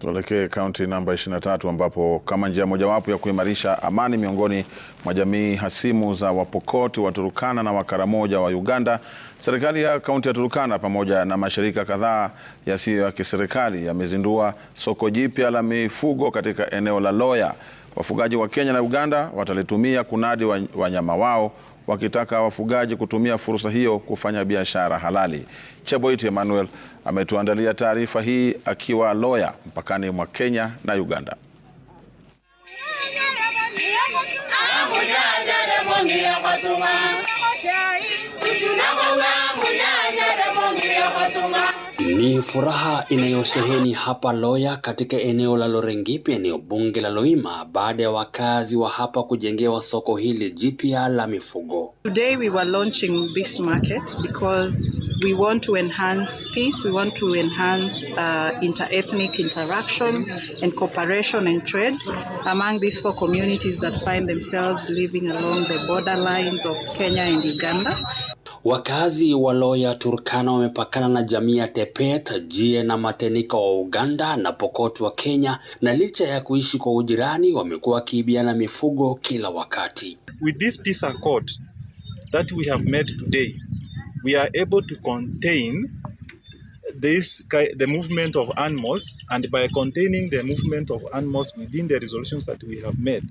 Tuelekee kaunti namba 23 ambapo kama njia mojawapo ya kuimarisha amani miongoni mwa jamii hasimu za Wapokoti, Waturukana na Wakaramoja wa Uganda, serikali ya kaunti ya Turukana pamoja na mashirika kadhaa yasiyo ya kiserikali yamezindua soko jipya la mifugo katika eneo la Loya. Wafugaji wa Kenya na Uganda watalitumia kunadi wanyama wao wakitaka wafugaji kutumia fursa hiyo kufanya biashara halali. Cheboit Emmanuel ametuandalia taarifa hii akiwa Loya mpakani mwa Kenya na Uganda. Ni furaha inayosheheni hapa Loya katika eneo la Lorengipi, eneo bunge la Loima, baada ya wakazi wa hapa kujengewa soko hili jipya la mifugo. Today we were launching this market because we want to enhance peace, we want to enhance uh, interethnic interaction and cooperation and trade among these four communities that find themselves living along the border lines of Kenya and Uganda. Wakazi wa Loya Turkana wamepakana na jamii ya Tepet, Jie na Matenika wa Uganda na Pokot wa Kenya, na licha ya kuishi kwa ujirani wamekuwa wakiibiana mifugo kila wakati. With this peace accord that we have made today, we are able to contain this the movement of animals and by containing the movement of animals within the resolutions that we have made,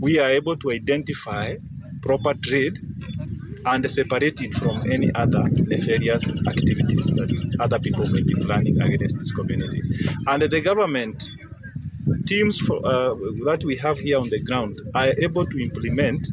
we are able to identify proper trade and separate it from any other nefarious activities that other people may be planning against this community. And the government teams for, uh, that we have here on the ground are able to implement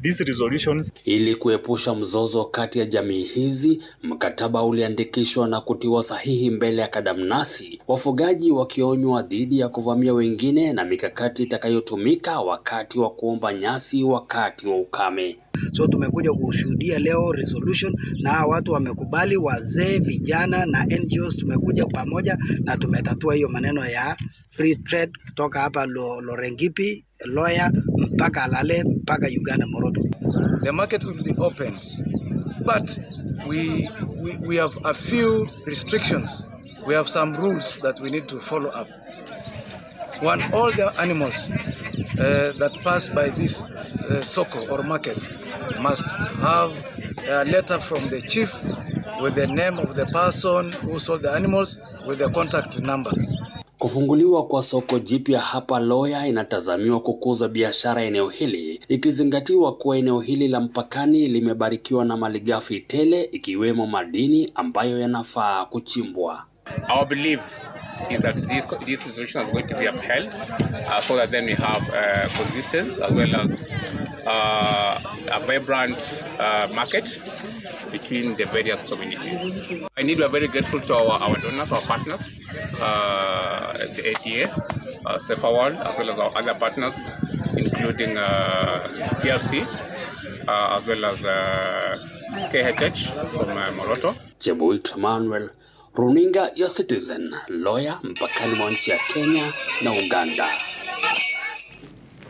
these resolutions. Ili kuepusha mzozo kati ya jamii hizi, mkataba uliandikishwa na kutiwa sahihi mbele ya kadamnasi, wafugaji wakionywa dhidi ya kuvamia wengine na mikakati itakayotumika wakati wa kuomba nyasi wakati wa ukame. So tumekuja kushuhudia leo resolution, na watu wamekubali, wazee, vijana na NGOs, tumekuja pamoja na tumetatua hiyo maneno ya free trade kutoka hapa Lorengipi Loya mpaka Lale mpaka Uganda Moroto. The market will be opened but we, we, we have a few restrictions. We have some rules that we need to follow up. One, all the animals uh, that pass by this uh, soko or market must have a letter from the chief with the name of the person who sold the animals with the contact number. Kufunguliwa kwa soko jipya hapa Loya inatazamiwa kukuza biashara eneo hili ikizingatiwa kuwa eneo hili la mpakani limebarikiwa na malighafi tele ikiwemo madini ambayo yanafaa kuchimbwa. I believe is that this, this resolution is going to be upheld uh, so that then we have uh, as well as uh, a vibrant uh, market between the various communities. Indeed, we are very grateful to our, our donors, our partners, uh, the ATA, uh, Safer World, as well as our other partners, including uh, PRC, as well as KHH from Moroto. Jebuit Manuel Runinga ya Citizen, lawyer mpakani mwa nchi ya Kenya na Uganda.